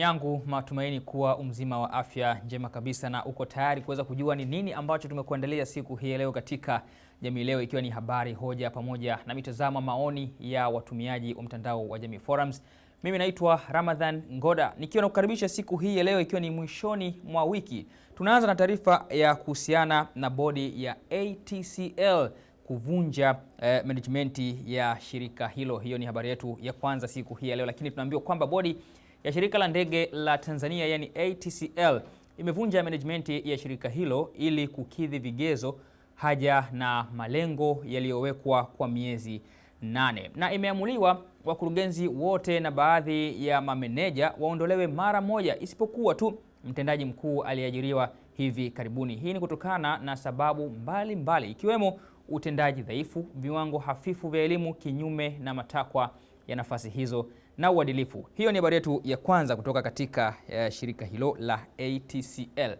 yangu matumaini kuwa umzima wa afya njema kabisa na uko tayari kuweza kujua ni nini ambacho tumekuandalia siku hii leo katika Jamii Leo, ikiwa ni habari, hoja pamoja na mitazamo, maoni ya watumiaji wa mtandao wa Jamii Forums. Mimi naitwa Ramadhan Ngoda nikiwa nakukaribisha siku hii ya leo, ikiwa ni mwishoni mwa wiki. Tunaanza na taarifa ya kuhusiana na bodi ya ATCL kuvunja eh, management ya shirika hilo. Hiyo ni habari yetu ya kwanza siku hii ya leo, lakini tunaambiwa kwamba bodi ya shirika la ndege la Tanzania yani ATCL imevunja management ya shirika hilo ili kukidhi vigezo, haja na malengo yaliyowekwa kwa miezi nane, na imeamuliwa wakurugenzi wote na baadhi ya mameneja waondolewe mara moja isipokuwa tu mtendaji mkuu aliyeajiriwa hivi karibuni. Hii ni kutokana na sababu mbalimbali mbali, ikiwemo utendaji dhaifu, viwango hafifu vya elimu kinyume na matakwa ya nafasi hizo na uadilifu. Hiyo ni habari yetu ya kwanza kutoka katika uh, shirika hilo la ATCL.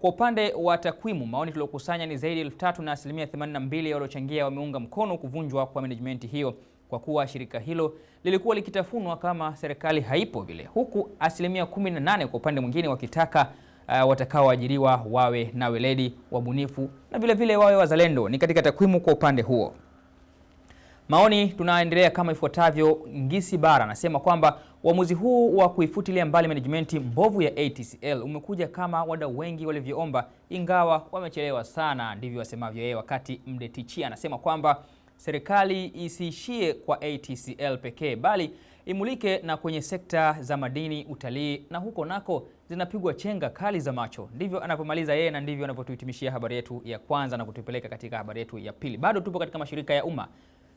Kwa upande wa takwimu, maoni tuliokusanya ni zaidi elfu tatu na asilimia 82 waliochangia wameunga mkono kuvunjwa kwa management hiyo kwa kuwa shirika hilo lilikuwa likitafunwa kama serikali haipo vile, huku asilimia 18 kwa upande mwingine wakitaka uh, watakaoajiriwa wawe na weledi, wabunifu na vilevile wawe wazalendo. Ni katika takwimu kwa upande huo. Maoni tunaendelea kama ifuatavyo. Ngisi Bara anasema kwamba uamuzi huu wa kuifutilia mbali management mbovu ya ATCL umekuja kama wadau wengi walivyoomba, ingawa wamechelewa sana, ndivyo wasemavyo yeye. Wakati Mdetichi anasema kwamba serikali isiishie kwa ATCL pekee, bali imulike na kwenye sekta za madini, utalii na huko nako zinapigwa chenga kali za macho. Ndivyo anavyomaliza yeye na ndivyo anavyotuhitimishia habari yetu ya kwanza na kutupeleka katika habari yetu ya pili. Bado tupo katika mashirika ya umma.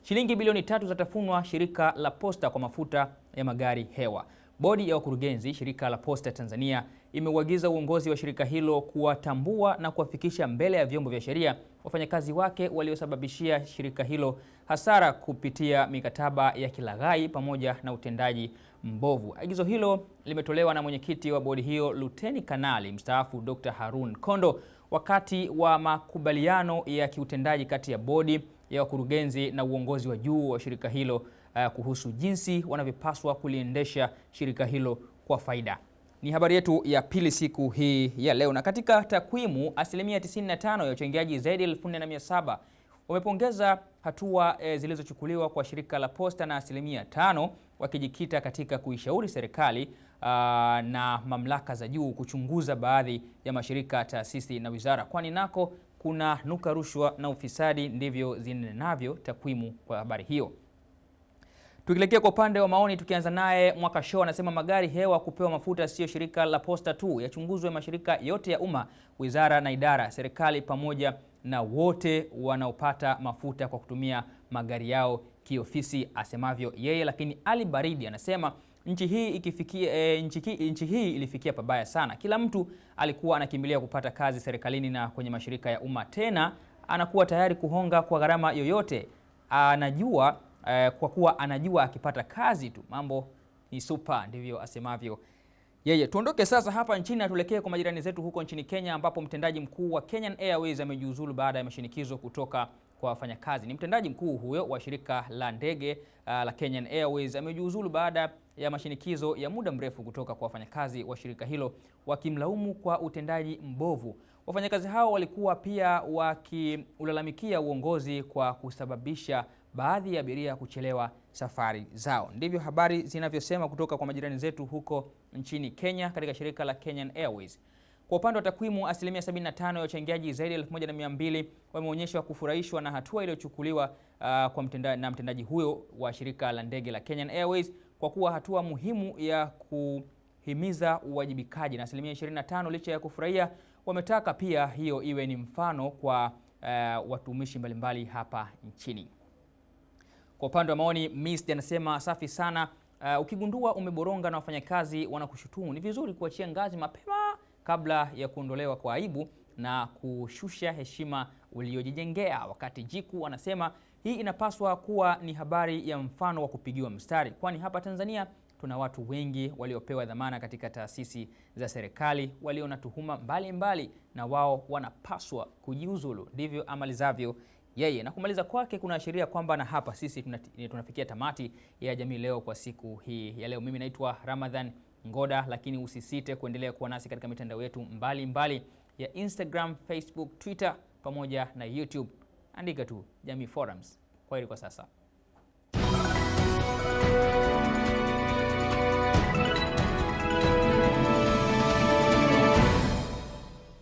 Shilingi bilioni tatu zatafunwa shirika la posta kwa mafuta ya magari hewa. Bodi ya wakurugenzi shirika la posta Tanzania imeuagiza uongozi wa shirika hilo kuwatambua na kuwafikisha mbele ya vyombo vya sheria wafanyakazi wake waliosababishia shirika hilo hasara kupitia mikataba ya kilaghai pamoja na utendaji mbovu. Agizo hilo limetolewa na mwenyekiti wa bodi hiyo Luteni Kanali mstaafu Dr. Harun Kondo wakati wa makubaliano ya kiutendaji kati ya bodi ya wakurugenzi na uongozi wa juu wa shirika hilo uh, kuhusu jinsi wanavyopaswa kuliendesha shirika hilo kwa faida. Ni habari yetu ya pili siku hii ya leo, na katika takwimu, asilimia 95 ya uchangiaji zaidi ya wamepongeza hatua e, zilizochukuliwa kwa shirika la Posta na asilimia tano wakijikita katika kuishauri serikali aa, ah, na mamlaka za juu kuchunguza baadhi ya mashirika, taasisi na wizara. Kwani nako kuna nuka rushwa na ufisadi, ndivyo zinenavyo takwimu kwa habari hiyo. Tukielekea kwa upande wa maoni, tukianza naye mwaka show anasema magari hewa kupewa mafuta siyo shirika la posta tu, yachunguzwe mashirika yote ya umma, wizara na idara, serikali pamoja na wote wanaopata mafuta kwa kutumia magari yao kiofisi, asemavyo yeye. Lakini Ali Baridi anasema nchi hii ikifikia, e, nchi, nchi hii ilifikia pabaya sana. Kila mtu alikuwa anakimbilia kupata kazi serikalini na kwenye mashirika ya umma, tena anakuwa tayari kuhonga kwa gharama yoyote anajua, e, kwa kuwa anajua akipata kazi tu mambo ni super, ndivyo asemavyo yeye. Tuondoke sasa hapa nchini na tuelekee kwa majirani zetu huko nchini Kenya, ambapo mtendaji mkuu wa Kenyan Airways amejiuzulu baada ya mashinikizo kutoka kwa wafanyakazi. Ni mtendaji mkuu huyo wa shirika la ndege uh, la Kenyan Airways amejiuzulu baada ya mashinikizo ya muda mrefu kutoka kwa wafanyakazi wa shirika hilo wakimlaumu kwa utendaji mbovu. Wafanyakazi hao walikuwa pia wakiulalamikia uongozi kwa kusababisha baadhi ya abiria kuchelewa safari zao. Ndivyo habari zinavyosema kutoka kwa majirani zetu huko nchini Kenya katika shirika la Kenyan Airways. Kwa upande wa takwimu, asilimia 75 ya wachangiaji zaidi ya 1200 wameonyeshwa kufurahishwa na hatua iliyochukuliwa uh, kwa mtenda, na mtendaji huyo wa shirika la ndege la Kenyan Airways kwa kuwa hatua muhimu ya kuhimiza uwajibikaji, na asilimia 25 licha ya kufurahia wametaka pia hiyo iwe ni mfano kwa uh, watumishi mbalimbali hapa nchini. Kwa upande wa maoni, Miss anasema safi sana. Uh, ukigundua umeboronga na wafanyakazi wanakushutumu, ni vizuri kuachia ngazi mapema kabla ya kuondolewa kwa aibu na kushusha heshima uliojijengea, wakati Jiku anasema hii inapaswa kuwa ni habari ya mfano wa kupigiwa mstari, kwani hapa Tanzania tuna watu wengi waliopewa dhamana katika taasisi za serikali walio na tuhuma mbalimbali, na wao wanapaswa kujiuzulu. Ndivyo amalizavyo yeye na kumaliza kwake kunaashiria kwamba na hapa sisi tunafikia tamati ya Jamii Leo kwa siku hii ya leo. Mimi naitwa Ramadhan Ngoda, lakini usisite kuendelea kuwa nasi katika mitandao yetu mbalimbali mbali ya Instagram, Facebook, Twitter pamoja na YouTube. Andika tu Jamii Forums. kwa Kwaheri kwa sasa.